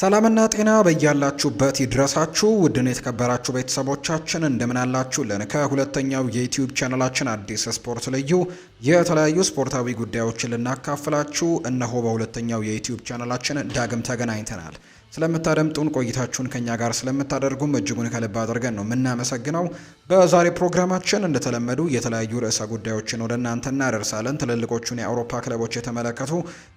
ሰላምና ጤና በያላችሁበት ይድረሳችሁ። ውድን የተከበራችሁ ቤተሰቦቻችን እንደምን አላችሁልን? ከሁለተኛው የዩትዩብ ቻናላችን አዲስ ስፖርት ልዩ የተለያዩ ስፖርታዊ ጉዳዮችን ልናካፍላችሁ እነሆ በሁለተኛው የዩትዩብ ቻናላችን ዳግም ተገናኝተናል። ስለምታደምጡን ቆይታችሁን ከኛ ጋር ስለምታደርጉም እጅጉን ከልብ አድርገን ነው የምናመሰግነው። በዛሬ ፕሮግራማችን እንደተለመዱ የተለያዩ ርዕሰ ጉዳዮችን ወደ እናንተ እናደርሳለን። ትልልቆቹን የአውሮፓ ክለቦች የተመለከቱ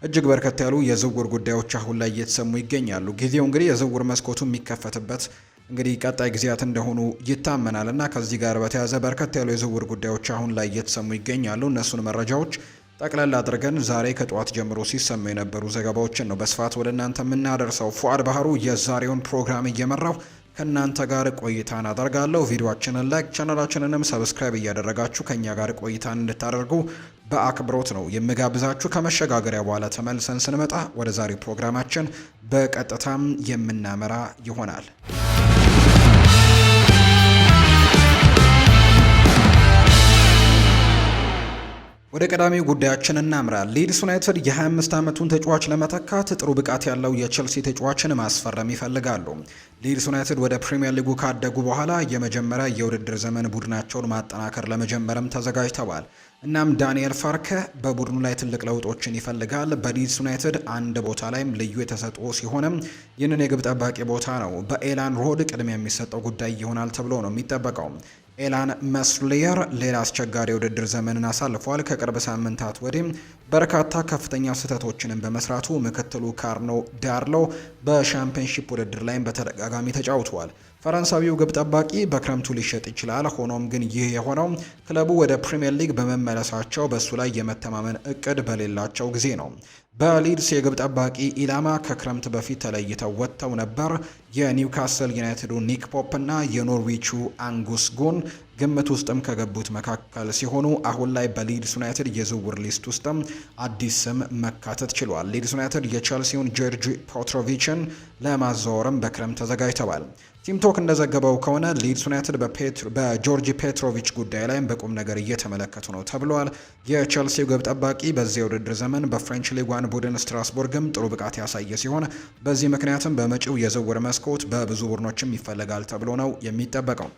እጅግ በርከት ያሉ የዝውውር ጉዳዮች አሁን ላይ እየተሰሙ ይገኛሉ። ጊዜው እንግዲህ የዝውውር መስኮቱ የሚከፈትበት እንግዲህ ቀጣይ ጊዜያት እንደሆኑ ይታመናል እና ከዚህ ጋር በተያያዘ በርከት ያሉ የዝውውር ጉዳዮች አሁን ላይ እየተሰሙ ይገኛሉ። እነሱን መረጃዎች ጠቅላላ አድርገን ዛሬ ከጠዋት ጀምሮ ሲሰሙ የነበሩ ዘገባዎችን ነው በስፋት ወደ እናንተ የምናደርሰው። ፉአድ ባህሩ የዛሬውን ፕሮግራም እየመራው ከእናንተ ጋር ቆይታን አደርጋለሁ። ቪዲዮችንን ላይክ፣ ቻናላችንንም ሰብስክራይብ እያደረጋችሁ ከእኛ ጋር ቆይታን እንድታደርጉ በአክብሮት ነው የምጋብዛችሁ። ከመሸጋገሪያ በኋላ ተመልሰን ስንመጣ ወደ ዛሬው ፕሮግራማችን በቀጥታም የምናመራ ይሆናል። ወደ ቀዳሚው ጉዳያችን እናምራ። ሊድስ ዩናይትድ የ25 ዓመቱን ተጫዋች ለመተካት ጥሩ ብቃት ያለው የቼልሲ ተጫዋችን ማስፈረም ይፈልጋሉ። ሊድስ ዩናይትድ ወደ ፕሪምየር ሊጉ ካደጉ በኋላ የመጀመሪያ የውድድር ዘመን ቡድናቸውን ማጠናከር ለመጀመርም ተዘጋጅተዋል። እናም ዳንኤል ፋርከ በቡድኑ ላይ ትልቅ ለውጦችን ይፈልጋል። በሊድስ ዩናይትድ አንድ ቦታ ላይም ልዩ የተሰጥኦ ሲሆንም ይህንን የግብ ጠባቂ ቦታ ነው በኤላን ሮድ ቅድሚያ የሚሰጠው ጉዳይ ይሆናል ተብሎ ነው የሚጠበቀው። ኤላን መስሊየር ሌላ አስቸጋሪ የውድድር ዘመንን አሳልፏል። ከቅርብ ሳምንታት ወዲህ በርካታ ከፍተኛ ስህተቶችንም በመስራቱ ምክትሉ ካርኖ ዳርሎ በሻምፒዮንሺፕ ውድድር ላይም በተደጋጋሚ ተጫውተዋል። ፈረንሳዊው ግብ ጠባቂ በክረምቱ ሊሸጥ ይችላል። ሆኖም ግን ይህ የሆነው ክለቡ ወደ ፕሪምየር ሊግ በመመለሳቸው በእሱ ላይ የመተማመን እቅድ በሌላቸው ጊዜ ነው። በሊድስ የግብ ጠባቂ ኢላማ ከክረምት በፊት ተለይተው ወጥተው ነበር። የኒውካስል ዩናይትዱ ኒክ ፖፕ እና የኖርዊቹ አንጉስ ጉን ግምት ውስጥም ከገቡት መካከል ሲሆኑ አሁን ላይ በሊድስ ዩናይትድ የዝውውር ሊስት ውስጥም አዲስ ስም መካተት ችሏል። ሊድስ ዩናይትድ የቸልሲውን ጆርጅ ፖትሮቪችን ለማዘዋወርም በክረምት ተዘጋጅተዋል። ቲምቶክ እንደዘገበው ከሆነ ሊድስ ዩናይትድ በጆርጂ ፔትሮቪች ጉዳይ ላይም በቁም ነገር እየተመለከቱ ነው ተብለዋል። የቼልሲው ግብ ጠባቂ በዚህ የውድድር ዘመን በፍሬንች ሊጓን ቡድን ስትራስቡርግም ጥሩ ብቃት ያሳየ ሲሆን በዚህ ምክንያትም በመጪው የዝውውር መስኮት በብዙ ቡድኖችም ይፈለጋል ተብሎ ነው የሚጠበቀው።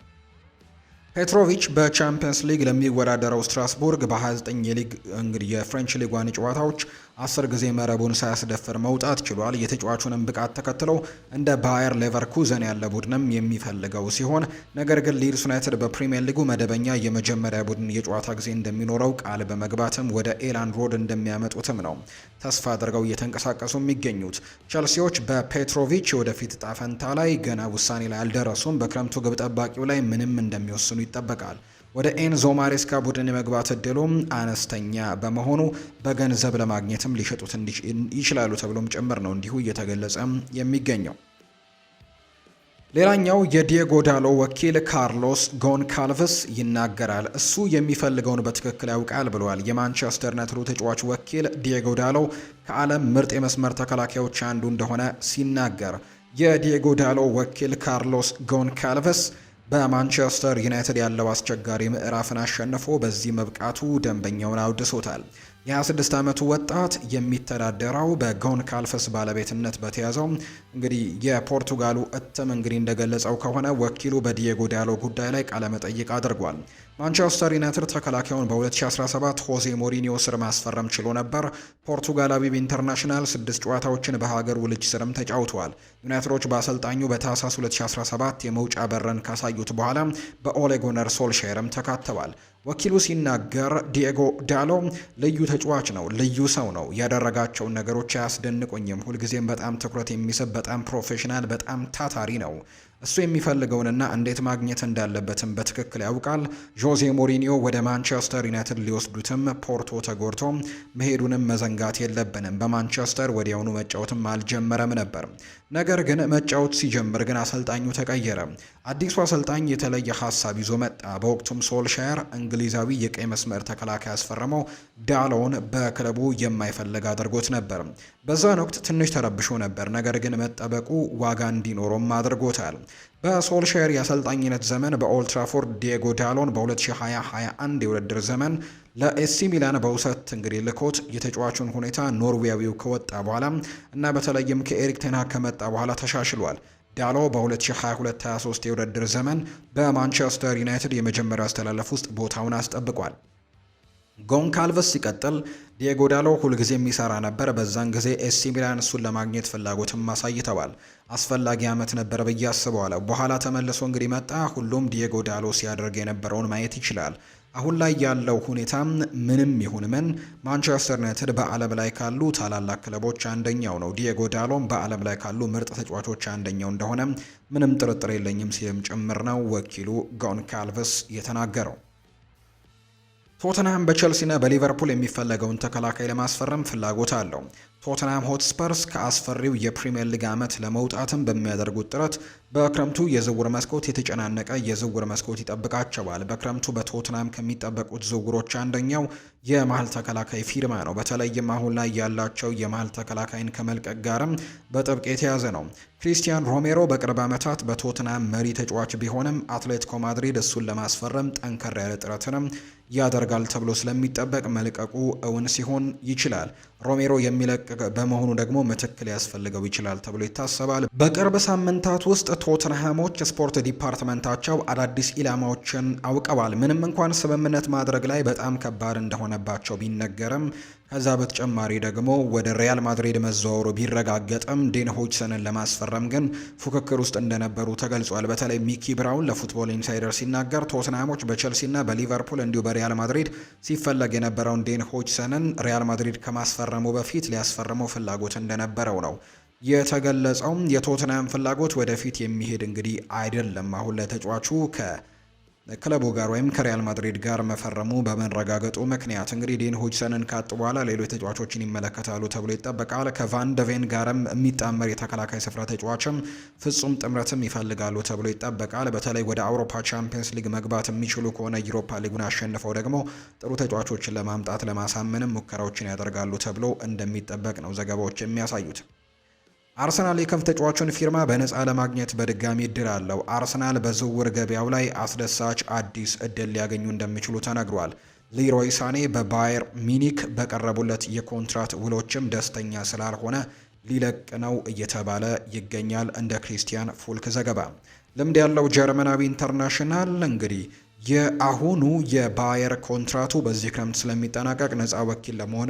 ፔትሮቪች በቻምፒየንስ ሊግ ለሚወዳደረው ስትራስቡርግ በ29 የሊግ እንግዲህ የፍሬንች ሊጓን ጨዋታዎች አስር ጊዜ መረቡን ሳያስደፍር መውጣት ችሏል። የተጫዋቹንም ብቃት ተከትሎ እንደ ባየር ሌቨርኩዘን ያለ ቡድንም የሚፈልገው ሲሆን ነገር ግን ሊድስ ዩናይትድ በፕሪምየር ሊጉ መደበኛ የመጀመሪያ ቡድን የጨዋታ ጊዜ እንደሚኖረው ቃል በመግባትም ወደ ኤላንድ ሮድ እንደሚያመጡትም ነው ተስፋ አድርገው እየተንቀሳቀሱ የሚገኙት። ቸልሲዎች በፔትሮቪች የወደፊት ጣፈንታ ላይ ገና ውሳኔ ላይ አልደረሱም። በክረምቱ ግብ ጠባቂው ላይ ምንም እንደሚወስኑ ይጠበቃል። ወደ ኤንዞ ማሬስካ ቡድን የመግባት እድሉም አነስተኛ በመሆኑ በገንዘብ ለማግኘትም ሊሸጡት ይችላሉ ተብሎም ጭምር ነው እንዲሁ እየተገለጸ የሚገኘው። ሌላኛው የዲየጎ ዳሎ ወኪል ካርሎስ ጎንካልቭስ ይናገራል። እሱ የሚፈልገውን በትክክል ያውቃል ብለዋል። የማንቸስተር ነትሩ ተጫዋች ወኪል ዲየጎ ዳሎ ከዓለም ምርጥ የመስመር ተከላካዮች አንዱ እንደሆነ ሲናገር የዲየጎ ዳሎ ወኪል ካርሎስ ጎንካልቭስ በማንቸስተር ዩናይትድ ያለው አስቸጋሪ ምዕራፍን አሸንፎ በዚህ መብቃቱ ደንበኛውን አውድሶታል። የ26 ዓመቱ ወጣት የሚተዳደረው በጎን ካልፈስ ባለቤትነት በተያዘው እንግዲህ የፖርቱጋሉ እትም እንግዲህ እንደገለጸው ከሆነ ወኪሉ በዲየጎ ዳሎ ጉዳይ ላይ ቃለመጠይቅ አድርጓል። ማንቸስተር ዩናይትድ ተከላካዩን በ2017 ሆዜ ሞሪኒዮ ስር ማስፈረም ችሎ ነበር። ፖርቱጋላዊው ኢንተርናሽናል ስድስት ጨዋታዎችን በሀገሩ ልጅ ስርም ተጫውተዋል። ዩናይትዶች በአሰልጣኙ በታህሳስ 2017 የመውጫ በረን ካሳዩት በኋላ በኦሌጎነር ሶልሻየርም ተካተዋል። ወኪሉ ሲናገር ዲኤጎ ዳሎ ልዩ ተጫዋች ነው፣ ልዩ ሰው ነው። ያደረጋቸውን ነገሮች አያስደንቁኝም። ሁልጊዜም በጣም ትኩረት የሚስብ በጣም ፕሮፌሽናል፣ በጣም ታታሪ ነው። እሱ የሚፈልገውንና እንዴት ማግኘት እንዳለበትም በትክክል ያውቃል። ጆዜ ሞሪኒዮ ወደ ማንቸስተር ዩናይትድ ሊወስዱትም ፖርቶ ተጎድቶ መሄዱንም መዘንጋት የለብንም። በማንቸስተር ወዲያውኑ መጫወትም አልጀመረም ነበር። ነገር ግን መጫወት ሲጀምር ግን አሰልጣኙ ተቀየረ። አዲሱ አሰልጣኝ የተለየ ሀሳብ ይዞ መጣ። በወቅቱም ሶልሻየር እንግሊዛዊ የቀይ መስመር ተከላካይ ያስፈረመው ዳሎን በክለቡ የማይፈልግ አድርጎት ነበር። በዛን ወቅት ትንሽ ተረብሾ ነበር፣ ነገር ግን መጠበቁ ዋጋ እንዲኖረውም አድርጎታል። በሶልሻየር የአሰልጣኝነት ዘመን በኦልትራፎርድ ዲየጎ ዳሎን በ2020/21 የውድድር ዘመን ለኤሲ ሚላን በውሰት እንግዲህ ልኮት የተጫዋቹን ሁኔታ ኖርዌያዊው ከወጣ በኋላ እና በተለይም ከኤሪክ ቴና ከመጣ በኋላ ተሻሽሏል። ዳሎ በ2022/23 የውድድር ዘመን በማንቸስተር ዩናይትድ የመጀመሪያ አስተላለፍ ውስጥ ቦታውን አስጠብቋል። ጎንካልቨስ ሲቀጥል ዲየጎ ዳሎ ሁልጊዜ የሚሰራ ነበር። በዛን ጊዜ ኤሲ ሚላን እሱን ለማግኘት ፍላጎትም አሳይተዋል። አስፈላጊ ዓመት ነበር ብዬ አስበዋለሁ። በኋላ ተመልሶ እንግዲህ መጣ። ሁሉም ዲየጎ ዳሎ ሲያደርግ የነበረውን ማየት ይችላል። አሁን ላይ ያለው ሁኔታም ምንም ይሁን ምን ማንቸስተር ዩናይትድ በዓለም ላይ ካሉ ታላላቅ ክለቦች አንደኛው ነው። ዲየጎ ዳሎም በዓለም ላይ ካሉ ምርጥ ተጫዋቾች አንደኛው እንደሆነ ምንም ጥርጥር የለኝም ሲልም ጭምር ነው ወኪሉ ጎንካልቭስ የተናገረው። ቶተንሃም በቸልሲና በሊቨርፑል የሚፈለገውን ተከላካይ ለማስፈረም ፍላጎት አለው። ቶተንሃም ሆትስፐርስ ከአስፈሪው የፕሪምየር ሊግ ዓመት ለመውጣትም በሚያደርጉት ጥረት በክረምቱ የዝውውር መስኮት የተጨናነቀ የዝውውር መስኮት ይጠብቃቸዋል። በክረምቱ በቶትናም ከሚጠበቁት ዝውውሮች አንደኛው የመሀል ተከላካይ ፊርማ ነው። በተለይም አሁን ላይ ያላቸው የመሀል ተከላካይን ከመልቀቅ ጋርም በጥብቅ የተያዘ ነው። ክሪስቲያን ሮሜሮ በቅርብ ዓመታት በቶትናም መሪ ተጫዋች ቢሆንም አትሌቲኮ ማድሪድ እሱን ለማስፈረም ጠንከር ያለ ጥረትንም ያደርጋል ተብሎ ስለሚጠበቅ መልቀቁ እውን ሲሆን ይችላል። ሮሜሮ የሚለቅ በመሆኑ ደግሞ ምትክል ያስፈልገው ይችላል ተብሎ ይታሰባል። በቅርብ ሳምንታት ውስጥ ቶትንሃሞች ስፖርት ዲፓርትመንታቸው አዳዲስ ኢላማዎችን አውቀዋል። ምንም እንኳን ስምምነት ማድረግ ላይ በጣም ከባድ እንደሆነባቸው ቢነገርም ከዛ በተጨማሪ ደግሞ ወደ ሪያል ማድሪድ መዘዋወሩ ቢረጋገጥም ዴን ሆጅሰንን ለማስፈረም ግን ፉክክር ውስጥ እንደነበሩ ተገልጿል። በተለይ ሚኪ ብራውን ለፉትቦል ኢንሳይደር ሲናገር ቶትንሃሞች በቸልሲና በሊቨርፑል እንዲሁ በሪያል ማድሪድ ሲፈለግ የነበረውን ዴን ሆጅሰንን ሪያል ማድሪድ ከማስፈረሙ በፊት ሊያስፈርመው ፍላጎት እንደነበረው ነው የተገለጸው የቶትናም ፍላጎት ወደፊት የሚሄድ እንግዲህ አይደለም። አሁን ለተጫዋቹ ከክለቡ ጋር ወይም ከሪያል ማድሪድ ጋር መፈረሙ በመረጋገጡ ምክንያት እንግዲህ ዴን ሆጅሰንን ካጡ በኋላ ሌሎች ተጫዋቾችን ይመለከታሉ ተብሎ ይጠበቃል። ከቫንደቬን ጋርም የሚጣመር የተከላካይ ስፍራ ተጫዋችም ፍጹም ጥምረትም ይፈልጋሉ ተብሎ ይጠበቃል። በተለይ ወደ አውሮፓ ቻምፒየንስ ሊግ መግባት የሚችሉ ከሆነ ዩሮፓ ሊጉን አሸንፈው ደግሞ ጥሩ ተጫዋቾችን ለማምጣት ለማሳመንም ሙከራዎችን ያደርጋሉ ተብሎ እንደሚጠበቅ ነው ዘገባዎች የሚያሳዩት። አርሰናል የከፍት ተጫዋቹን ፊርማ በነፃ ለማግኘት በድጋሚ እድል አለው። አርሰናል በዝውውር ገበያው ላይ አስደሳች አዲስ እድል ሊያገኙ እንደሚችሉ ተነግሯል። ሊሮይ ሳኔ በባየር ሚኒክ በቀረቡለት የኮንትራት ውሎችም ደስተኛ ስላልሆነ ሊለቅ ነው እየተባለ ይገኛል። እንደ ክሪስቲያን ፉልክ ዘገባ ልምድ ያለው ጀርመናዊ ኢንተርናሽናል እንግዲህ የአሁኑ የባየር ኮንትራቱ በዚህ ክረምት ስለሚጠናቀቅ ነፃ ወኪል ለመሆን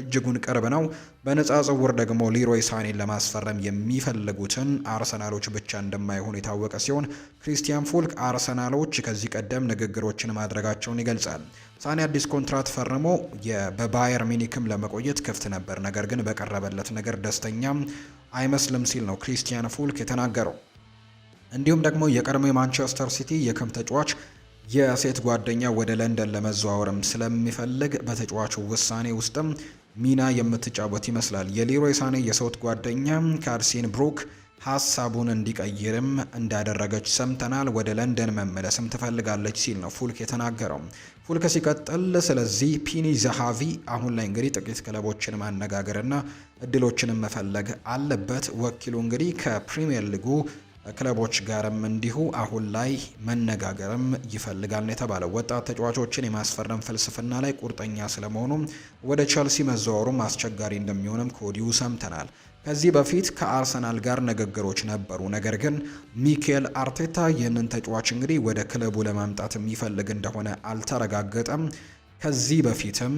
እጅጉን ቅርብ ነው። በነጻ ዝውውር ደግሞ ሊሮይ ሳኔን ለማስፈረም የሚፈልጉትን አርሰናሎች ብቻ እንደማይሆኑ የታወቀ ሲሆን ክሪስቲያን ፉልክ አርሰናሎች ከዚህ ቀደም ንግግሮችን ማድረጋቸውን ይገልጻል። ሳኔ አዲስ ኮንትራት ፈርሞ በባየር ሚኒክም ለመቆየት ክፍት ነበር፣ ነገር ግን በቀረበለት ነገር ደስተኛም አይመስልም ሲል ነው ክሪስቲያን ፉልክ የተናገረው። እንዲሁም ደግሞ የቀድሞ የማንቸስተር ሲቲ የክም ተጫዋች የሴት ጓደኛ ወደ ለንደን ለመዘዋወርም ስለሚፈልግ በተጫዋቹ ውሳኔ ውስጥም ሚና የምትጫወት ይመስላል። የሌሮይ ሳኔ የሰውት ጓደኛ ካርሲን ብሩክ ሀሳቡን እንዲቀይርም እንዳደረገች ሰምተናል። ወደ ለንደን መመለስም ትፈልጋለች ሲል ነው ፉልክ የተናገረው። ፉልክ ሲቀጥል ስለዚህ ፒኒ ዘሃቪ አሁን ላይ እንግዲህ ጥቂት ክለቦችን ማነጋገርና እድሎችንም መፈለግ አለበት። ወኪሉ እንግዲህ ከፕሪምየር ሊጉ ክለቦች ጋርም እንዲሁ አሁን ላይ መነጋገርም ይፈልጋል ነው የተባለው። ወጣት ተጫዋቾችን የማስፈረም ፍልስፍና ላይ ቁርጠኛ ስለመሆኑ ወደ ቸልሲ መዘዋወሩም አስቸጋሪ እንደሚሆንም ከወዲሁ ሰምተናል። ከዚህ በፊት ከአርሰናል ጋር ንግግሮች ነበሩ። ነገር ግን ሚኬል አርቴታ ይህንን ተጫዋች እንግዲህ ወደ ክለቡ ለማምጣት የሚፈልግ እንደሆነ አልተረጋገጠም። ከዚህ በፊትም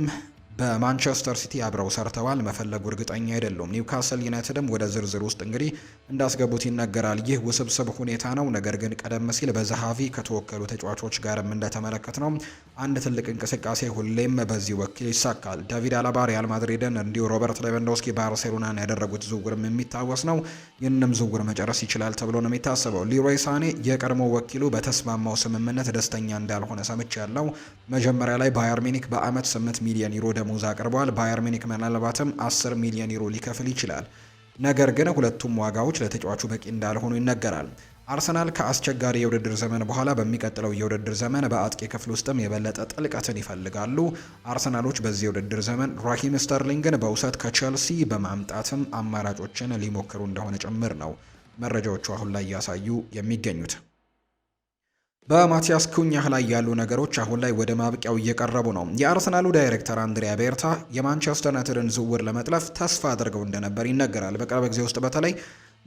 በማንቸስተር ሲቲ አብረው ሰርተዋል። መፈለጉ እርግጠኛ አይደሉም። ኒውካስል ዩናይትድም ወደ ዝርዝር ውስጥ እንግዲህ እንዳስገቡት ይነገራል። ይህ ውስብስብ ሁኔታ ነው። ነገር ግን ቀደም ሲል በዛሃቪ ከተወከሉ ተጫዋቾች ጋርም እንደተመለከት ነው አንድ ትልቅ እንቅስቃሴ ሁሌም በዚህ ወኪል ይሳካል። ዳቪድ አላባ ሪያል ማድሪድን፣ እንዲሁ ሮበርት ሌቫንዶስኪ ባርሴሎናን ያደረጉት ዝውውርም የሚታወስ ነው። ይህንም ዝውውር መጨረስ ይችላል ተብሎ ነው የሚታሰበው። ሊሮይ ሳኔ የቀድሞ ወኪሉ በተስማማው ስምምነት ደስተኛ እንዳልሆነ ሰምቻለሁ። መጀመሪያ ላይ ባየር ሚኒክ በአመት 8 ሚሊዮን ዩሮ ደሞ ጠረሙዝ አቅርቧል። ባየር ሚኒክ ምናልባትም 10 ሚሊዮን ዩሮ ሊከፍል ይችላል። ነገር ግን ሁለቱም ዋጋዎች ለተጫዋቹ በቂ እንዳልሆኑ ይነገራል። አርሰናል ከአስቸጋሪ የውድድር ዘመን በኋላ በሚቀጥለው የውድድር ዘመን በአጥቂ ክፍል ውስጥም የበለጠ ጥልቀትን ይፈልጋሉ። አርሰናሎች በዚህ የውድድር ዘመን ራሂም ስተርሊንግን በውሰት ከቸልሲ በማምጣትም አማራጮችን ሊሞክሩ እንደሆነ ጭምር ነው መረጃዎቹ አሁን ላይ እያሳዩ የሚገኙት። በማቲያስ ኩኛህ ላይ ያሉ ነገሮች አሁን ላይ ወደ ማብቂያው እየቀረቡ ነው። የአርሰናሉ ዳይሬክተር አንድሪያ ቤርታ የማንቸስተር ዩናይትድን ዝውውር ለመጥለፍ ተስፋ አድርገው እንደነበር ይነገራል። በቅርብ ጊዜ ውስጥ በተለይ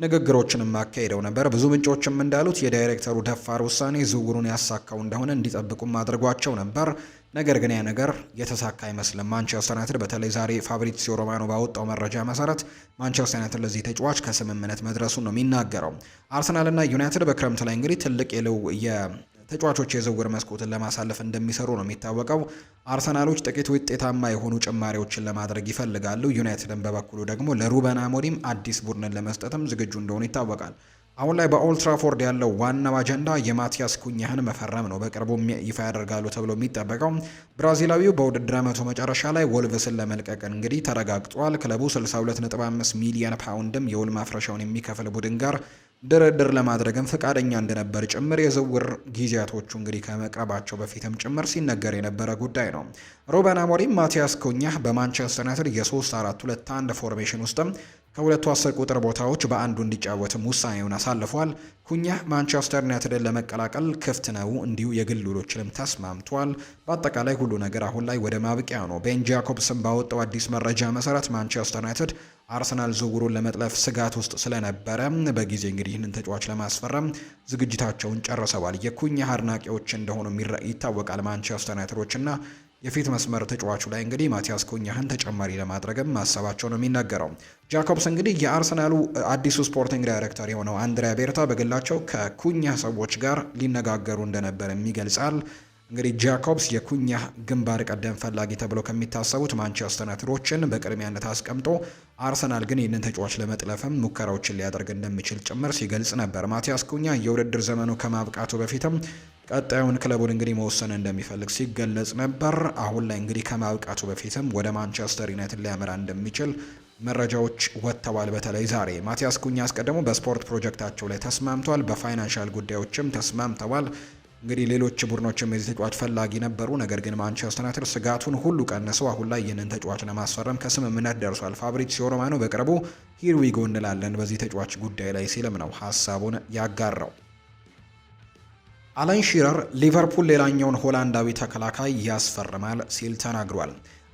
ንግግሮችንም አካሂደው ነበር። ብዙ ምንጮችም እንዳሉት የዳይሬክተሩ ደፋር ውሳኔ ዝውውሩን ያሳካው እንደሆነ እንዲጠብቁም አድርጓቸው ነበር። ነገር ግን ያ ነገር የተሳካ አይመስልም። ማንቸስተር ዩናይትድ በተለይ ዛሬ ፋብሪሲዮ ሮማኖ ባወጣው መረጃ መሰረት ማንቸስተር ዩናይትድ ለዚህ ተጫዋች ከስምምነት መድረሱን ነው የሚናገረው። አርሰናልና ዩናይትድ በክረምት ላይ እንግዲህ ትልቅ የለው ተጫዋቾች የዝውውር መስኮትን ለማሳለፍ እንደሚሰሩ ነው የሚታወቀው። አርሰናሎች ጥቂት ውጤታማ የሆኑ ጭማሪዎችን ለማድረግ ይፈልጋሉ። ዩናይትድን በበኩሉ ደግሞ ለሩበን አሞሪም አዲስ ቡድንን ለመስጠትም ዝግጁ እንደሆኑ ይታወቃል። አሁን ላይ በኦልትራፎርድ ያለው ዋናው አጀንዳ የማቲያስ ኩኛህን መፈረም ነው። በቅርቡ ይፋ ያደርጋሉ ተብሎ የሚጠበቀው ብራዚላዊው በውድድር ዓመቱ መጨረሻ ላይ ወልቭስን ለመልቀቅ እንግዲህ ተረጋግጧል። ክለቡ 625 ሚሊየን ፓውንድም የውል ማፍረሻውን የሚከፍል ቡድን ጋር ድርድር ለማድረግም ፈቃደኛ እንደነበር ጭምር የዝውውር ጊዜያቶቹ እንግዲህ ከመቅረባቸው በፊትም ጭምር ሲነገር የነበረ ጉዳይ ነው። ሮበን አሞሪም ማቲያስ ኩኛህ በማንቸስተር ዩናይትድ የ 3421 ፎርሜሽን ውስጥም ከሁለቱ አስር ቁጥር ቦታዎች በአንዱ እንዲጫወትም ውሳኔውን አሳልፏል። ኩኛ ማንቸስተር ዩናይትድን ለመቀላቀል ክፍት ነው፣ እንዲሁ የግል ውሎችንም ተስማምቷል። በአጠቃላይ ሁሉ ነገር አሁን ላይ ወደ ማብቂያ ነው። ቤን ጃኮብስን ባወጣው አዲስ መረጃ መሰረት ማንቸስተር ዩናይትድ አርሰናል ዝውውሩን ለመጥለፍ ስጋት ውስጥ ስለነበረ በጊዜ እንግዲህ ይህንን ተጫዋች ለማስፈረም ዝግጅታቸውን ጨርሰዋል። የኩኛ አድናቂዎች እንደሆኑ ይታወቃል ማንቸስተር ዩናይትዶችና የፊት መስመር ተጫዋቹ ላይ እንግዲህ ማቲያስ ኩኛህን ተጨማሪ ለማድረግም ማሰባቸው ነው የሚነገረው። ጃኮብስ እንግዲህ የአርሰናሉ አዲሱ ስፖርቲንግ ዳይሬክተር የሆነው አንድሪያ ቤርታ በግላቸው ከኩኛህ ሰዎች ጋር ሊነጋገሩ እንደነበር ይገልጻል። እንግዲህ ጃኮብስ የኩኛህ ግንባር ቀደም ፈላጊ ተብለው ከሚታሰቡት ማንቸስተር ነትሮችን በቅድሚያነት አስቀምጦ አርሰናል ግን ይህንን ተጫዋች ለመጥለፍም ሙከራዎችን ሊያደርግ እንደሚችል ጭምር ሲገልጽ ነበር። ማቲያስ ኩኛ የውድድር ዘመኑ ከማብቃቱ በፊትም ቀጣዩን ክለቡን እንግዲህ መወሰን እንደሚፈልግ ሲገለጽ ነበር። አሁን ላይ እንግዲህ ከማብቃቱ በፊትም ወደ ማንቸስተር ዩናይትድ ሊያመራ እንደሚችል መረጃዎች ወጥተዋል። በተለይ ዛሬ ማቲያስ ኩኛ አስቀድሞ በስፖርት ፕሮጀክታቸው ላይ ተስማምቷል። በፋይናንሻል ጉዳዮችም ተስማምተዋል። እንግዲህ ሌሎች ቡድኖችም የዚህ ተጫዋች ፈላጊ ነበሩ። ነገር ግን ማንቸስተር ዩናይትድ ስጋቱን ሁሉ ቀንሰው አሁን ላይ ይህንን ተጫዋች ለማስፈረም ከስምምነት ደርሷል። ፋብሪዚዮ ሮማኖ በቅርቡ ሂርዊጎ እንላለን በዚህ ተጫዋች ጉዳይ ላይ ሲልም ነው ሀሳቡን ያጋራው። አለን ሺረር ሊቨርፑል ሌላኛውን ሆላንዳዊ ተከላካይ ያስፈርማል ሲል ተናግሯል።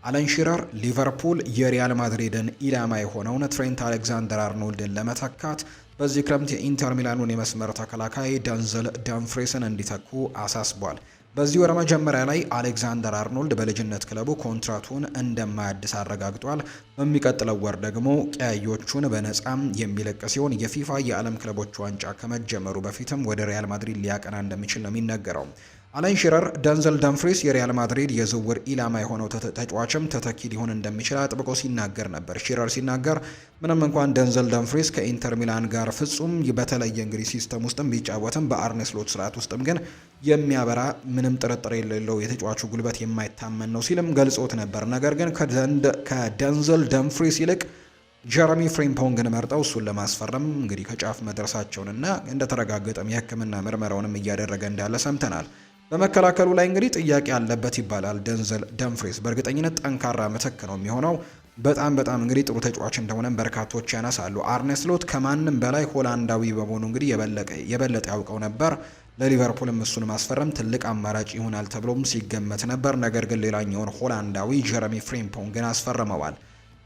አለን ሺረር ሊቨርፑል የሪያል ማድሪድን ኢላማ የሆነውን ትሬንት አሌክዛንደር አርኖልድን ለመተካት በዚህ ክረምት የኢንተር ሚላኑን የመስመር ተከላካይ ደንዘል ዳምፍሬስን እንዲተኩ አሳስቧል። በዚህ ወር መጀመሪያ ላይ አሌክዛንደር አርኖልድ በልጅነት ክለቡ ኮንትራቱን እንደማያድስ አረጋግጧል። በሚቀጥለው ወር ደግሞ ቀያዮቹን በነፃም የሚለቅ ሲሆን የፊፋ የዓለም ክለቦች ዋንጫ ከመጀመሩ በፊትም ወደ ሪያል ማድሪድ ሊያቀና እንደሚችል ነው የሚነገረው። አለን ሽረር ደንዘል ደንፍሪስ የሪያል ማድሪድ የዝውውር ኢላማ የሆነው ተጫዋችም ተተኪ ሊሆን እንደሚችል አጥብቆ ሲናገር ነበር። ሽረር ሲናገር ምንም እንኳን ደንዘል ደንፍሪስ ከኢንተር ሚላን ጋር ፍጹም በተለየ እንግዲህ ሲስተም ውስጥም ቢጫወትም በአርኔ ስሎት ስርዓት ውስጥም ግን የሚያበራ ምንም ጥርጥር የሌለው የተጫዋቹ ጉልበት የማይታመን ነው ሲልም ገልጾት ነበር። ነገር ግን ከደንዘል ደንፍሪስ ይልቅ ጀረሚ ፍሪምፖንግን መርጠው እሱን ለማስፈረም እንግዲህ ከጫፍ መድረሳቸውንና እንደተረጋገጠም የሕክምና ምርመራውንም እያደረገ እንዳለ ሰምተናል። በመከላከሉ ላይ እንግዲህ ጥያቄ አለበት ይባላል። ደንዘል ደምፍሪስ በእርግጠኝነት ጠንካራ ምትክ ነው የሚሆነው። በጣም በጣም እንግዲህ ጥሩ ተጫዋች እንደሆነ በርካቶች ያነሳሉ። አርነ ከማንም በላይ ሆላንዳዊ በመሆኑ እንግዲህ የበለጠ ያውቀው ነበር። ለሊቨርፑልም እሱን ማስፈረም ትልቅ አማራጭ ይሆናል ተብሎም ሲገመት ነበር። ነገር ግን ሌላኛውን ሆላንዳዊ ጀረሚ ፍሪምፖንግን አስፈርመዋል።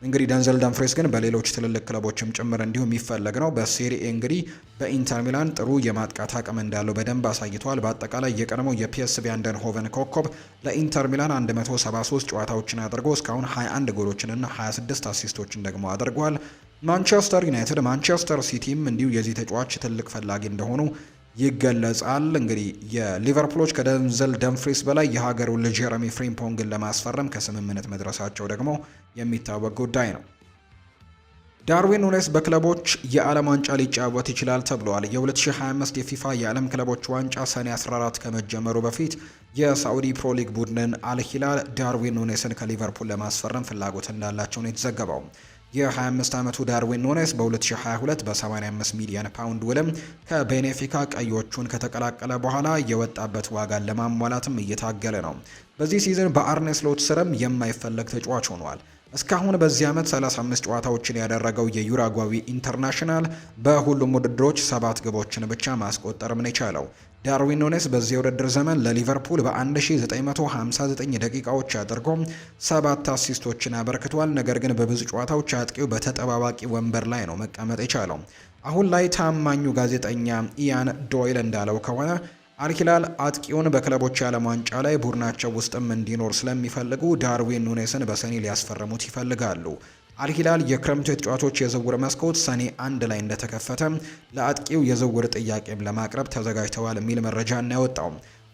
እንግዲህ ደንዘል ደምፍሬስ ግን በሌሎች ትልልቅ ክለቦችም ጭምር እንዲሁ የሚፈለግ ነው። በሴሪኤ እንግዲህ በኢንተር ሚላን ጥሩ የማጥቃት አቅም እንዳለው በደንብ አሳይቷል። በአጠቃላይ የቀድሞው የፒኤስቪ ሆቨን ኮከብ ለኢንተር ሚላን 173 ጨዋታዎችን አድርጎ እስካሁን 21 ጎሎችንና 26 አሲስቶችን ደግሞ አድርጓል። ማንቸስተር ዩናይትድ፣ ማንቸስተር ሲቲም እንዲሁ የዚህ ተጫዋች ትልቅ ፈላጊ እንደሆኑ ይገለጻል። እንግዲህ የሊቨርፑሎች ከደንዘል ደምፍሪስ በላይ የሀገሩን ልጅ ጀረሚ ፍሪምፖንግን ለማስፈረም ከስምምነት መድረሳቸው ደግሞ የሚታወቅ ጉዳይ ነው። ዳርዊን ኑኔስ በክለቦች የዓለም ዋንጫ ሊጫወት ይችላል ተብሏል። የ2025 የፊፋ የዓለም ክለቦች ዋንጫ ሰኔ 14 ከመጀመሩ በፊት የሳዑዲ ፕሮ ሊግ ቡድንን አልሂላል ዳርዊን ኑኔስን ከሊቨርፑል ለማስፈረም ፍላጎት እንዳላቸው ነው የተዘገበው። የ25 ዓመቱ ዳርዊን ኑኔስ በ2022 በ85 ሚሊዮን ፓውንድ ውልም ከቤኔፊካ ቀዮቹን ከተቀላቀለ በኋላ የወጣበት ዋጋን ለማሟላትም እየታገለ ነው። በዚህ ሲዝን በአርኔ ስሎት ስርም የማይፈለግ ተጫዋች ሆኗል። እስካሁን በዚህ ዓመት 35 ጨዋታዎችን ያደረገው የዩራጓዊ ኢንተርናሽናል በሁሉም ውድድሮች ሰባት ግቦችን ብቻ ማስቆጠርም ነው የቻለው። ዳርዊን ኑኔስ በዚህ የውድድር ዘመን ለሊቨርፑል በ1959 ደቂቃዎች አድርጎ ሰባት አሲስቶችን አበርክቷል። ነገር ግን በብዙ ጨዋታዎች አጥቂው በተጠባባቂ ወንበር ላይ ነው መቀመጥ የቻለው። አሁን ላይ ታማኙ ጋዜጠኛ ኢያን ዶይል እንዳለው ከሆነ አልኪላል አጥቂውን በክለቦች የዓለም ዋንጫ ላይ ቡድናቸው ውስጥም እንዲኖር ስለሚፈልጉ ዳርዊን ኑኔስን በሰኔ ሊያስፈርሙት ይፈልጋሉ። አልሂላል የክረምቱ የተጫዋቾች የዝውውር መስኮት ሰኔ አንድ ላይ እንደተከፈተ ለአጥቂው የዝውውር ጥያቄም ለማቅረብ ተዘጋጅተዋል የሚል መረጃ እና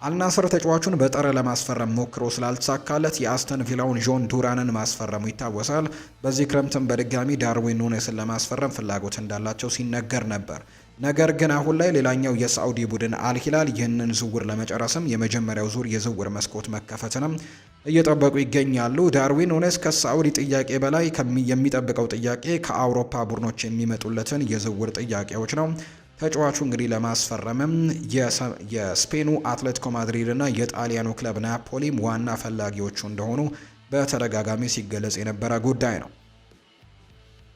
አልናስር ተጫዋቹን በጠረ ለማስፈረም ሞክሮ ስላልተሳካለት የአስተን ቪላውን ጆን ዱራንን ማስፈረሙ ይታወሳል። በዚህ ክረምትም በድጋሚ ዳርዊን ኑኔስን ለማስፈረም ፍላጎት እንዳላቸው ሲነገር ነበር። ነገር ግን አሁን ላይ ሌላኛው የሳዑዲ ቡድን አልሂላል ይህንን ዝውውር ለመጨረስም የመጀመሪያው ዙር የዝውውር መስኮት መከፈትንም እየጠበቁ ይገኛሉ። ዳርዊን ኑኔዝ ከሳዑዲ ጥያቄ በላይ የሚጠብቀው ጥያቄ ከአውሮፓ ቡድኖች የሚመጡለትን የዝውውር ጥያቄዎች ነው። ተጫዋቹ እንግዲህ ለማስፈረምም የስፔኑ አትሌቲኮ ማድሪድ እና የጣሊያኑ ክለብ ናፖሊም ዋና ፈላጊዎቹ እንደሆኑ በተደጋጋሚ ሲገለጽ የነበረ ጉዳይ ነው።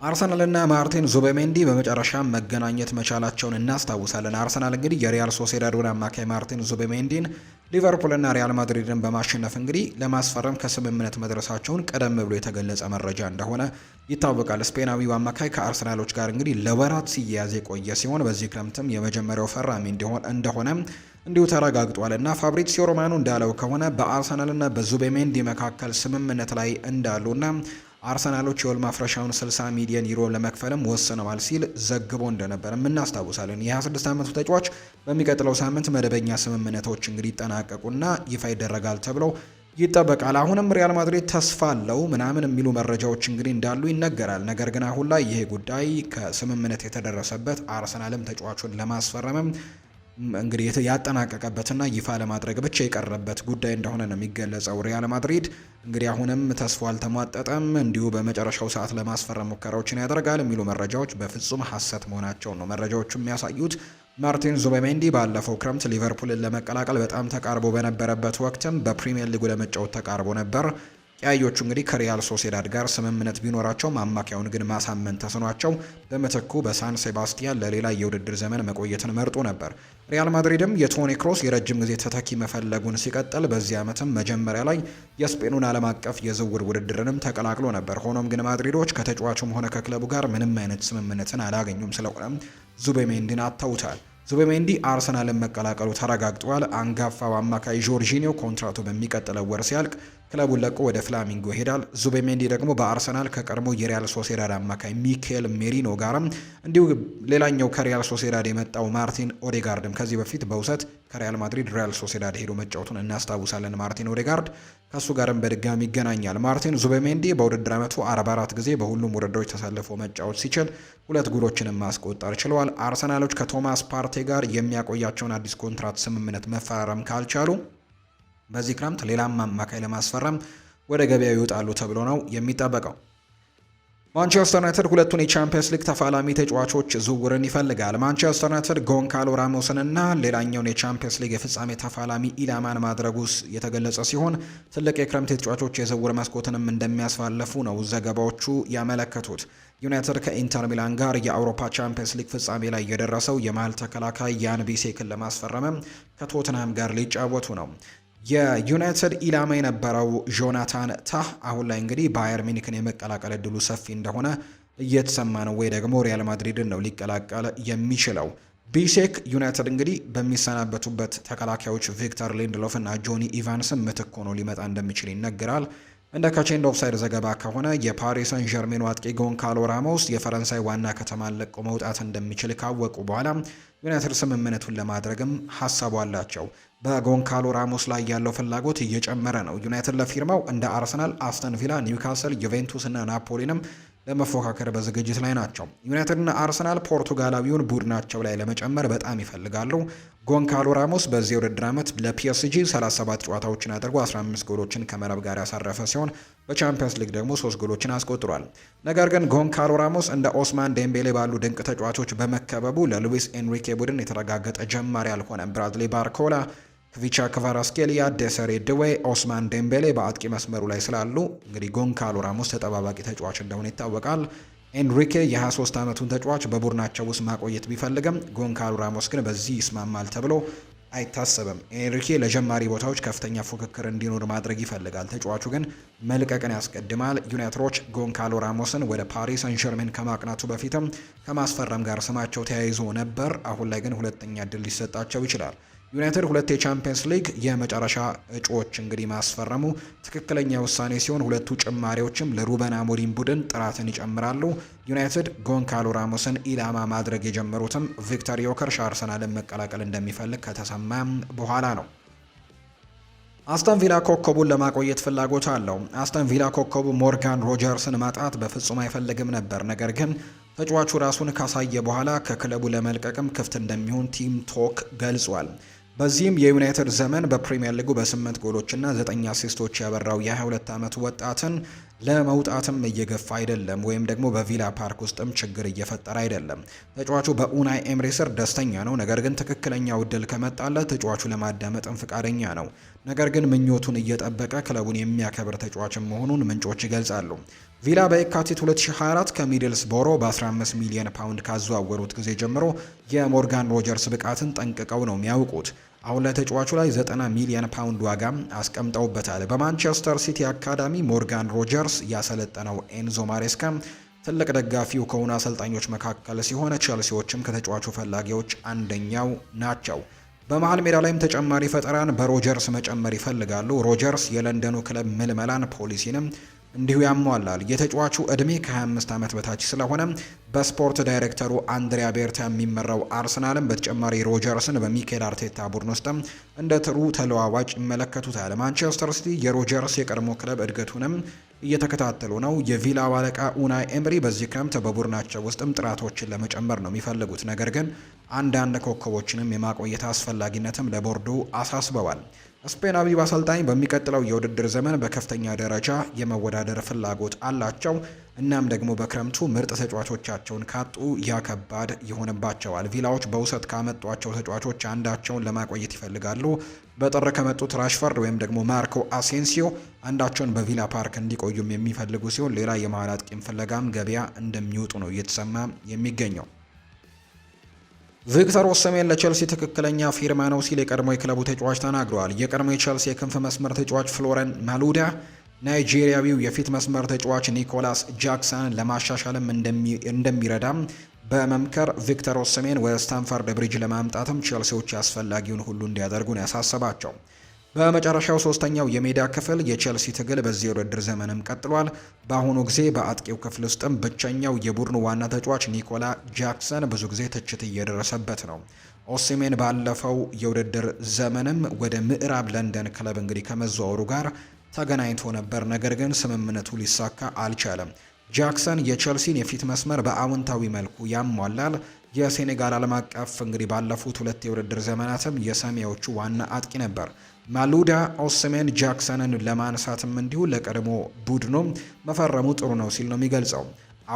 አርሰናልና ማርቲን ዙበሜንዲ በመጨረሻ መገናኘት መቻላቸውን እናስታውሳለን። አርሰናል እንግዲህ የሪያል ሶሴዳዱን አማካይ ማርቲን ዙበሜንዲን ሊቨርፑልና ሪያል ማድሪድን በማሸነፍ እንግዲህ ለማስፈረም ከስምምነት መድረሳቸውን ቀደም ብሎ የተገለጸ መረጃ እንደሆነ ይታወቃል። ስፔናዊው አማካይ ከአርሰናሎች ጋር እንግዲህ ለወራት ሲያያዝ የቆየ ሲሆን በዚህ ክረምትም የመጀመሪያው ፈራሚ እንደሆነ እንዲሁ ተረጋግጧል እና ፋብሪዚዮ ሮማኑ እንዳለው ከሆነ በአርሰናልና በዙቤሜንዲ መካከል ስምምነት ላይ እንዳሉና አርሰናሎች የወል ማፍረሻውን 60 ሚሊዮን ዩሮ ለመክፈልም ወስነዋል ሲል ዘግቦ እንደነበርም እናስታውሳለን። የ26 ዓመቱ ተጫዋች በሚቀጥለው ሳምንት መደበኛ ስምምነቶች እንግዲህ ይጠናቀቁና ይፋ ይደረጋል ተብለው ይጠበቃል። አሁንም ሪያል ማድሪድ ተስፋ አለው ምናምን የሚሉ መረጃዎች እንግዲህ እንዳሉ ይነገራል። ነገር ግን አሁን ላይ ይሄ ጉዳይ ከስምምነት የተደረሰበት አርሰናልም ተጫዋቹን ለማስፈረምም እንግዲህ ያጠናቀቀበትና ይፋ ለማድረግ ብቻ የቀረበት ጉዳይ እንደሆነ ነው የሚገለጸው። ሪያል ማድሪድ እንግዲህ አሁንም ተስፋ አልተሟጠጠም፣ እንዲሁ በመጨረሻው ሰዓት ለማስፈረም ሙከራዎችን ያደርጋል የሚሉ መረጃዎች በፍጹም ሐሰት መሆናቸውን ነው መረጃዎቹ የሚያሳዩት። ማርቲን ዙበሜንዲ ባለፈው ክረምት ሊቨርፑልን ለመቀላቀል በጣም ተቃርቦ በነበረበት ወቅትም በፕሪምየር ሊጉ ለመጫወት ተቃርቦ ነበር። ቀያዮቹ እንግዲህ ከሪያል ሶሴዳድ ጋር ስምምነት ቢኖራቸውም አማካዩን ግን ማሳመን ተስኗቸው በምትኩ በሳን ሴባስቲያን ለሌላ የውድድር ዘመን መቆየትን መርጦ ነበር። ሪያል ማድሪድም የቶኒ ክሮስ የረጅም ጊዜ ተተኪ መፈለጉን ሲቀጥል በዚህ ዓመትም መጀመሪያ ላይ የስፔኑን ዓለም አቀፍ የዝውውር ውድድርንም ተቀላቅሎ ነበር። ሆኖም ግን ማድሪዶች ከተጫዋቹም ሆነ ከክለቡ ጋር ምንም አይነት ስምምነትን አላገኙም። ስለሆነም ዙቤሜንዲን አጥተውታል። ዙቤሜንዲ አርሰናልን መቀላቀሉ ተረጋግጧል። አንጋፋው አማካይ ጆርጂኒዮ ኮንትራቱ በሚቀጥለው ወር ሲያልቅ ክለቡን ለቆ ወደ ፍላሚንጎ ይሄዳል። ዙቤሜንዲ ደግሞ በአርሰናል ከቀድሞ የሪያል ሶሴዳድ አማካይ ሚካኤል ሜሪኖ ጋርም እንዲሁ ሌላኛው ከሪያል ሶሴዳድ የመጣው ማርቲን ኦዴጋርድም ከዚህ በፊት በውሰት ከሪያል ማድሪድ ሪያል ሶሴዳድ ሄዶ መጫወቱን እናስታውሳለን። ማርቲን ኦዴጋርድ ከእሱ ጋርም በድጋሚ ይገናኛል። ማርቲን ዙቤሜንዲ በውድድር ዓመቱ 44 ጊዜ በሁሉም ውድድሮች ተሰልፎ መጫወት ሲችል ሁለት ጎሎችንም ማስቆጠር ችሏል። አርሰናሎች ከቶማስ ፓርቴ ጋር የሚያቆያቸውን አዲስ ኮንትራት ስምምነት መፈራረም ካልቻሉ በዚህ ክረምት ሌላም አማካይ ለማስፈረም ወደ ገበያ ይወጣሉ ተብሎ ነው የሚጠበቀው። ማንቸስተር ዩናይትድ ሁለቱን የቻምፒየንስ ሊግ ተፋላሚ ተጫዋቾች ዝውውርን ይፈልጋል። ማንቸስተር ዩናይትድ ጎንካሎ ራሞስንና ሌላኛውን የቻምፒየንስ ሊግ የፍጻሜ ተፋላሚ ኢላማን ማድረጉ የተገለጸ ሲሆን ትልቅ የክረምት የተጫዋቾች የዝውውር መስኮትንም እንደሚያስፋለፉ ነው ዘገባዎቹ ያመለከቱት። ዩናይትድ ከኢንተር ሚላን ጋር የአውሮፓ ቻምፒየንስ ሊግ ፍጻሜ ላይ የደረሰው የመሀል ተከላካይ ያን ቢሴክን ለማስፈረምም ጋር ሊጫወቱ ነው። የዩናይትድ ኢላማ የነበረው ጆናታን ታህ አሁን ላይ እንግዲህ ባየር ሚኒክን የመቀላቀል እድሉ ሰፊ እንደሆነ እየተሰማ ነው፣ ወይ ደግሞ ሪያል ማድሪድን ነው ሊቀላቀል የሚችለው። ቢሴክ ዩናይትድ እንግዲህ በሚሰናበቱበት ተከላካዮች ቪክተር ሊንድሎፍ እና ጆኒ ኢቫንስን ምትክ ሆኖ ሊመጣ እንደሚችል ይነገራል። እንደ ካቼንድ ኦፍሳይድ ዘገባ ከሆነ የፓሪስ ሰን ዠርሜን አጥቂ ጎንካሎ ራሞስ የፈረንሳይ ዋና ከተማን ለቆ መውጣት እንደሚችል ካወቁ በኋላ ዩናይትድ ስምምነቱን ለማድረግም ሀሳቡ አላቸው። በጎንካሎ ራሞስ ላይ ያለው ፍላጎት እየጨመረ ነው። ዩናይትድ ለፊርማው እንደ አርሰናል፣ አስተን ቪላ፣ ኒውካስል፣ ዩቬንቱስ እና ናፖሊንም ለመፎካከር በዝግጅት ላይ ናቸው። ዩናይትድና አርሰናል ፖርቱጋላዊውን ቡድናቸው ላይ ለመጨመር በጣም ይፈልጋሉ። ጎንካሎ ራሞስ በዚህ ውድድር ዓመት ለፒኤስጂ 37 ጨዋታዎችን አድርጎ 15 ጎሎችን ከመረብ ጋር ያሳረፈ ሲሆን በቻምፒየንስ ሊግ ደግሞ ሶስት ጎሎችን አስቆጥሯል። ነገር ግን ጎንካሎ ራሞስ እንደ ኦስማን ዴምቤሌ ባሉ ድንቅ ተጫዋቾች በመከበቡ ለሉዊስ ኤንሪኬ ቡድን የተረጋገጠ ጀማሪ አልሆነም። ብራድሊ ባርኮላ፣ ክቪቻ ክቫራስኬሊያ፣ ደሰሬ ድዌ፣ ኦስማን ዴምቤሌ በአጥቂ መስመሩ ላይ ስላሉ እንግዲህ ጎንካሎ ራሞስ ተጠባባቂ ተጫዋች እንደሆነ ይታወቃል። ኤንሪኬ የ23 ዓመቱን ተጫዋች በቡድናቸው ውስጥ ማቆየት ቢፈልግም ጎንካሎ ራሞስ ግን በዚህ ይስማማል ተብሎ አይታሰብም። ኤንሪኬ ለጀማሪ ቦታዎች ከፍተኛ ፉክክር እንዲኖር ማድረግ ይፈልጋል። ተጫዋቹ ግን መልቀቅን ያስቀድማል። ዩናይትዶች ጎንካሎ ራሞስን ወደ ፓሪስ ሰን ዠርሜን ከማቅናቱ በፊትም ከማስፈረም ጋር ስማቸው ተያይዞ ነበር። አሁን ላይ ግን ሁለተኛ እድል ሊሰጣቸው ይችላል። ዩናይትድ ሁለት የቻምፒየንስ ሊግ የመጨረሻ እጩዎች እንግዲህ ማስፈረሙ ትክክለኛ ውሳኔ ሲሆን ሁለቱ ጭማሪዎችም ለሩበን አሞሪም ቡድን ጥራትን ይጨምራሉ። ዩናይትድ ጎንካሎ ራሞስን ኢላማ ማድረግ የጀመሩትም ቪክተር ዮከርሽ አርሰናልን መቀላቀል እንደሚፈልግ ከተሰማ በኋላ ነው። አስተን ቪላ ኮከቡን ለማቆየት ፍላጎት አለው። አስተን ቪላ ኮከቡ ሞርጋን ሮጀርስን ማጣት በፍጹም አይፈልግም ነበር። ነገር ግን ተጫዋቹ ራሱን ካሳየ በኋላ ከክለቡ ለመልቀቅም ክፍት እንደሚሆን ቲም ቶክ ገልጿል። በዚህም የዩናይትድ ዘመን በፕሪምየር ሊጉ በስምንት ጎሎችና ዘጠኝ አሲስቶች ያበራው የ22 ዓመቱ ወጣትን ለመውጣትም እየገፋ አይደለም ወይም ደግሞ በቪላ ፓርክ ውስጥም ችግር እየፈጠረ አይደለም። ተጫዋቹ በኡናይ ኤምሪ ስር ደስተኛ ነው። ነገር ግን ትክክለኛው እድል ከመጣለት ተጫዋቹ ለማዳመጥም ፍቃደኛ ነው። ነገር ግን ምኞቱን እየጠበቀ ክለቡን የሚያከብር ተጫዋችም መሆኑን ምንጮች ይገልጻሉ። ቪላ በየካቲት 2024 ከሚድልስቦሮ በ15 ሚሊዮን ፓውንድ ካዘዋወሩት ጊዜ ጀምሮ የሞርጋን ሮጀርስ ብቃትን ጠንቅቀው ነው የሚያውቁት። አሁን ለተጫዋቹ ላይ 90 ሚሊዮን ፓውንድ ዋጋም አስቀምጠውበታል። በማንቸስተር ሲቲ አካዳሚ ሞርጋን ሮጀርስ ያሰለጠነው ኤንዞ ማሬስካ ትልቅ ደጋፊው ከሆኑ አሰልጣኞች መካከል ሲሆን ቸልሲዎችም ከተጫዋቹ ፈላጊዎች አንደኛው ናቸው። በመሀል ሜዳ ላይም ተጨማሪ ፈጠራን በሮጀርስ መጨመር ይፈልጋሉ። ሮጀርስ የለንደኑ ክለብ ምልመላን ፖሊሲንም እንዲሁ ያሟላል። የተጫዋቹ እድሜ ከ25 ዓመት በታች ስለሆነ በስፖርት ዳይሬክተሩ አንድሪያ ቤርታ የሚመራው አርሰናልም በተጨማሪ ሮጀርስን በሚካኤል አርቴታ ቡድን ውስጥም እንደ ጥሩ ተለዋዋጭ ይመለከቱታል። ማንቸስተር ሲቲ የሮጀርስ የቀድሞ ክለብ እድገቱንም እየተከታተሉ ነው። የቪላ አለቃ ኡናይ ኤምሪ በዚህ ክረምት በቡድናቸው ውስጥም ጥራቶችን ለመጨመር ነው የሚፈልጉት። ነገር ግን አንዳንድ ኮከቦችንም የማቆየት አስፈላጊነትም ለቦርዱ አሳስበዋል። ስፔናዊው አሰልጣኝ በሚቀጥለው የውድድር ዘመን በከፍተኛ ደረጃ የመወዳደር ፍላጎት አላቸው። እናም ደግሞ በክረምቱ ምርጥ ተጫዋቾቻቸውን ካጡ ያ ከባድ ይሆንባቸዋል። ቪላዎች በውሰት ካመጧቸው ተጫዋቾች አንዳቸውን ለማቆየት ይፈልጋሉ። በጥር ከመጡት ራሽፈርድ ወይም ደግሞ ማርኮ አሴንሲዮ አንዳቸውን በቪላ ፓርክ እንዲቆዩም የሚፈልጉ ሲሆን ሌላ የመሀል አጥቂም ፍለጋም ገበያ እንደሚወጡ ነው እየተሰማ የሚገኘው። ቪክተር ኦሰሜን ለቸልሲ ትክክለኛ ፊርማ ነው ሲል የቀድሞ የክለቡ ተጫዋች ተናግረዋል። የቀድሞ የቸልሲ የክንፍ መስመር ተጫዋች ፍሎረን ማሉዳ ናይጄሪያዊው የፊት መስመር ተጫዋች ኒኮላስ ጃክሰንን ለማሻሻልም እንደሚረዳም በመምከር ቪክተር ኦሰሜን ወደ ስታንፈርድ ብሪጅ ለማምጣትም ቸልሲዎች አስፈላጊውን ሁሉ እንዲያደርጉ ነው ያሳሰባቸው። በመጨረሻው ሶስተኛው የሜዳ ክፍል የቼልሲ ትግል በዚህ የውድድር ዘመንም ቀጥሏል። በአሁኑ ጊዜ በአጥቂው ክፍል ውስጥም ብቸኛው የቡድኑ ዋና ተጫዋች ኒኮላ ጃክሰን ብዙ ጊዜ ትችት እየደረሰበት ነው። ኦሲሜን ባለፈው የውድድር ዘመንም ወደ ምዕራብ ለንደን ክለብ እንግዲህ ከመዘዋወሩ ጋር ተገናኝቶ ነበር። ነገር ግን ስምምነቱ ሊሳካ አልቻለም። ጃክሰን የቼልሲን የፊት መስመር በአዎንታዊ መልኩ ያሟላል። የሴኔጋል ዓለም አቀፍ እንግዲህ ባለፉት ሁለት የውድድር ዘመናትም የሰማያዎቹ ዋና አጥቂ ነበር። ማሉዳ ኦስሜን ጃክሰንን ለማንሳትም እንዲሁ ለቀድሞ ቡድኑ መፈረሙ ጥሩ ነው ሲል ነው የሚገልጸው።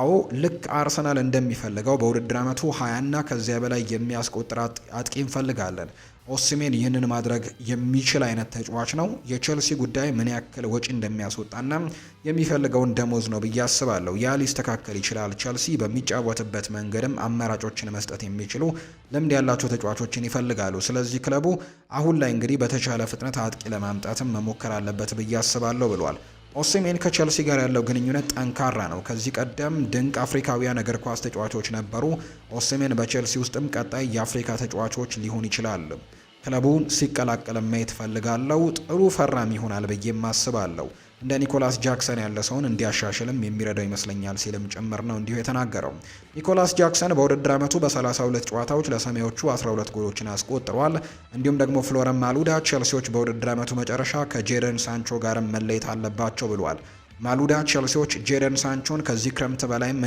አዎ ልክ አርሰናል እንደሚፈልገው በውድድር ዓመቱ 20ና ከዚያ በላይ የሚያስቆጥር አጥቂ እንፈልጋለን። ኦስሜን ይህንን ማድረግ የሚችል አይነት ተጫዋች ነው። የቼልሲ ጉዳይ ምን ያክል ወጪ እንደሚያስወጣና የሚፈልገውን ደሞዝ ነው ብዬ አስባለሁ። ያ ሊስተካከል ይችላል። ቼልሲ በሚጫወትበት መንገድም አማራጮችን መስጠት የሚችሉ ልምድ ያላቸው ተጫዋቾችን ይፈልጋሉ። ስለዚህ ክለቡ አሁን ላይ እንግዲህ በተቻለ ፍጥነት አጥቂ ለማምጣትም መሞከር አለበት ብዬ አስባለሁ ብሏል። ኦሲሜን ከቸልሲ ጋር ያለው ግንኙነት ጠንካራ ነው። ከዚህ ቀደም ድንቅ አፍሪካውያን እግር ኳስ ተጫዋቾች ነበሩ። ኦሲሜን በቸልሲ ውስጥም ቀጣይ የአፍሪካ ተጫዋቾች ሊሆን ይችላል። ክለቡን ሲቀላቀል ማየት ፈልጋለው ጥሩ ፈራሚ ይሆናል ብዬም አስባለሁ። እንደ ኒኮላስ ጃክሰን ያለ ሰውን እንዲያሻሽልም የሚረዳው ይመስለኛል ሲልም ጭምር ነው እንዲሁ የተናገረው። ኒኮላስ ጃክሰን በውድድር ዓመቱ በ32 ጨዋታዎች ለሰሜዎቹ 12 ጎሎችን አስቆጥሯል። እንዲሁም ደግሞ ፍሎረን ማሉዳ ቼልሲዎች በውድድር ዓመቱ መጨረሻ ከጄደን ሳንቾ ጋርም መለየት አለባቸው ብሏል። ማሉዳ ቼልሲዎች ጄደን ሳንቾን ከዚህ ክረምት በላይም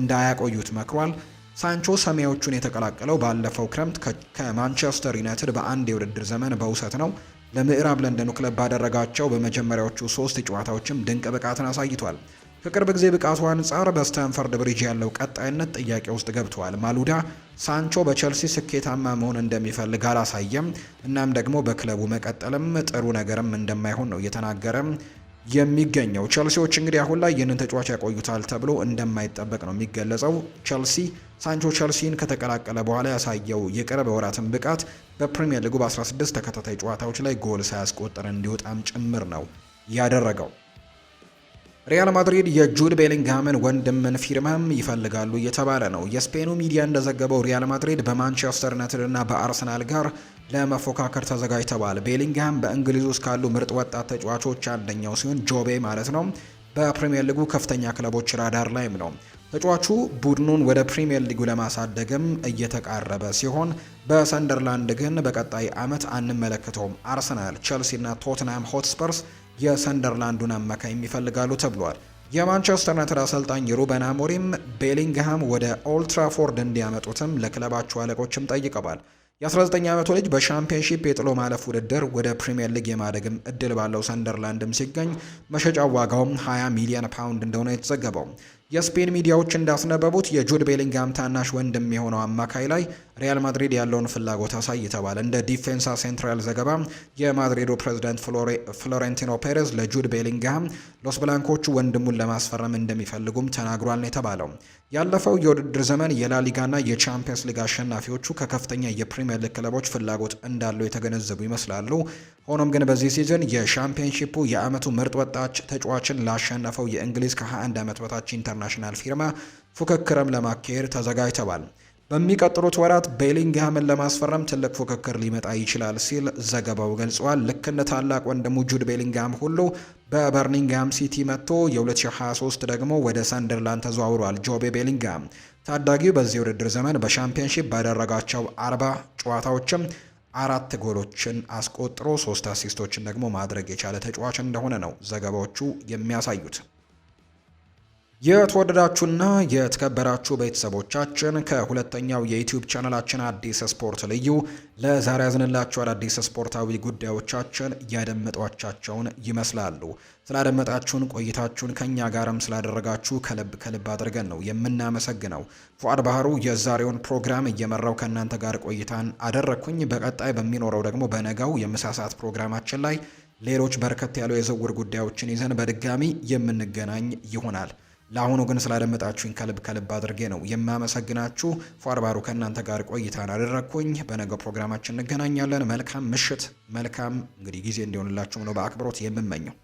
እንዳያቆዩት መክሯል። ሳንቾ ሰማያዊዎቹን የተቀላቀለው ባለፈው ክረምት ከማንቸስተር ዩናይትድ በአንድ የውድድር ዘመን በውሰት ነው። ለምዕራብ ለንደኑ ክለብ ባደረጋቸው በመጀመሪያዎቹ ሶስት ጨዋታዎችም ድንቅ ብቃትን አሳይቷል። ከቅርብ ጊዜ ብቃቱ አንጻር በስታንፈርድ ብሪጅ ያለው ቀጣይነት ጥያቄ ውስጥ ገብተዋል። ማሉዳ ሳንቾ በቸልሲ ስኬታማ መሆን እንደሚፈልግ አላሳየም፣ እናም ደግሞ በክለቡ መቀጠልም ጥሩ ነገርም እንደማይሆን ነው እየተናገረ የሚገኘው። ቸልሲዎች እንግዲህ አሁን ላይ ይህንን ተጫዋች ያቆዩታል ተብሎ እንደማይጠበቅ ነው የሚገለጸው። ቸልሲ ሳንቾ ቸልሲን ከተቀላቀለ በኋላ ያሳየው የቅርብ ወራትን ብቃት በፕሪምየር ሊጉ በ16 ተከታታይ ጨዋታዎች ላይ ጎል ሳያስቆጠር እንዲወጣም ጭምር ነው ያደረገው። ሪያል ማድሪድ የጁድ ቤሊንግሃምን ወንድምን ፊርማም ይፈልጋሉ እየተባለ ነው። የስፔኑ ሚዲያ እንደዘገበው ሪያል ማድሪድ በማንቸስተር ዩናይትድና በአርሰናል ጋር ለመፎካከር ተዘጋጅተዋል። ቤሊንግሃም በእንግሊዝ ውስጥ ካሉ ምርጥ ወጣት ተጫዋቾች አንደኛው ሲሆን ጆቤ ማለት ነው በፕሪምየር ሊጉ ከፍተኛ ክለቦች ራዳር ላይም ነው። ተጫዋቹ ቡድኑን ወደ ፕሪምየር ሊጉ ለማሳደግም እየተቃረበ ሲሆን በሰንደርላንድ ግን በቀጣይ ዓመት አንመለከተውም። አርሰናል፣ ቸልሲ እና ቶትንሃም ሆትስፐርስ የሰንደርላንዱን አማካይ ይፈልጋሉ ተብሏል። የማንቸስተር ዩናይትድ አሰልጣኝ ሩበን አሞሪም ቤሊንግሃም ወደ ኦልትራፎርድ እንዲያመጡትም ለክለባቸው አለቆችም ጠይቀዋል። የ19 ዓመቱ ልጅ በሻምፒየንሺፕ የጥሎ ማለፍ ውድድር ወደ ፕሪምየር ሊግ የማደግም እድል ባለው ሰንደርላንድም ሲገኝ መሸጫ ዋጋውም 20 ሚሊዮን ፓውንድ እንደሆነ የተዘገበው የስፔን ሚዲያዎች እንዳስነበቡት የጁድ ቤሊንግሃም ታናሽ ወንድም የሆነው አማካይ ላይ ሪያል ማድሪድ ያለውን ፍላጎት አሳይተዋል። እንደ ዲፌንሳ ሴንትራል ዘገባ የማድሪዱ ፕሬዚደንት ፍሎሬንቲኖ ፔሬዝ ለጁድ ቤሊንግሃም ሎስ ብላንኮቹ ወንድሙን ለማስፈረም እንደሚፈልጉም ተናግሯል ነው የተባለው። ያለፈው የውድድር ዘመን የላሊጋና የቻምፒየንስ ሊግ አሸናፊዎቹ ከከፍተኛ የፕሪምየር ሊግ ክለቦች ፍላጎት እንዳለው የተገነዘቡ ይመስላሉ። ሆኖም ግን በዚህ ሲዝን የሻምፒየንሺፑ የአመቱ ምርጥ ወጣች ተጫዋችን ላሸነፈው የእንግሊዝ ከ21 ዓመት በታች ኢንተርናሽናል ፊርማ ፉክክርም ለማካሄድ ተዘጋጅተዋል። በሚቀጥሉት ወራት ቤሊንግሃምን ለማስፈረም ትልቅ ፉክክር ሊመጣ ይችላል ሲል ዘገባው ገልጿል። ልክ እንደ ታላቅ ወንድሙ ጁድ ቤሊንግሃም ሁሉ በበርኒንግሃም ሲቲ መጥቶ የ2023 ደግሞ ወደ ሰንደርላንድ ተዘዋውሯል። ጆቤ ቤሊንግሃም ታዳጊው በዚህ ውድድር ዘመን በሻምፒዮንሺፕ ባደረጋቸው አርባ ጨዋታዎችም አራት ጎሎችን አስቆጥሮ ሶስት አሲስቶችን ደግሞ ማድረግ የቻለ ተጫዋች እንደሆነ ነው ዘገባዎቹ የሚያሳዩት። የተወደዳችሁና የተከበራችሁ ቤተሰቦቻችን ከሁለተኛው የዩቲዩብ ቻናላችን አዲስ ስፖርት ልዩ ለዛሬ ያዝንላችሁ አዳዲስ ስፖርታዊ ጉዳዮቻችን ያደመጧቻቸውን ይመስላሉ። ስላደመጣችሁን ቆይታችሁን ከእኛ ጋርም ስላደረጋችሁ ከልብ ከልብ አድርገን ነው የምናመሰግነው። ፉአድ ባህሩ የዛሬውን ፕሮግራም እየመራው ከእናንተ ጋር ቆይታን አደረግኩኝ። በቀጣይ በሚኖረው ደግሞ በነጋው የምሳሳት ፕሮግራማችን ላይ ሌሎች በርከት ያሉ የዝውውር ጉዳዮችን ይዘን በድጋሚ የምንገናኝ ይሆናል። ለአሁኑ ግን ስላደመጣችሁኝ ከልብ ከልብ አድርጌ ነው የማመሰግናችሁ። ፏርባሩ ከእናንተ ጋር ቆይታን አደረግኩኝ። በነገው ፕሮግራማችን እንገናኛለን። መልካም ምሽት፣ መልካም እንግዲህ ጊዜ እንዲሆንላችሁም ነው በአክብሮት የምመኘው።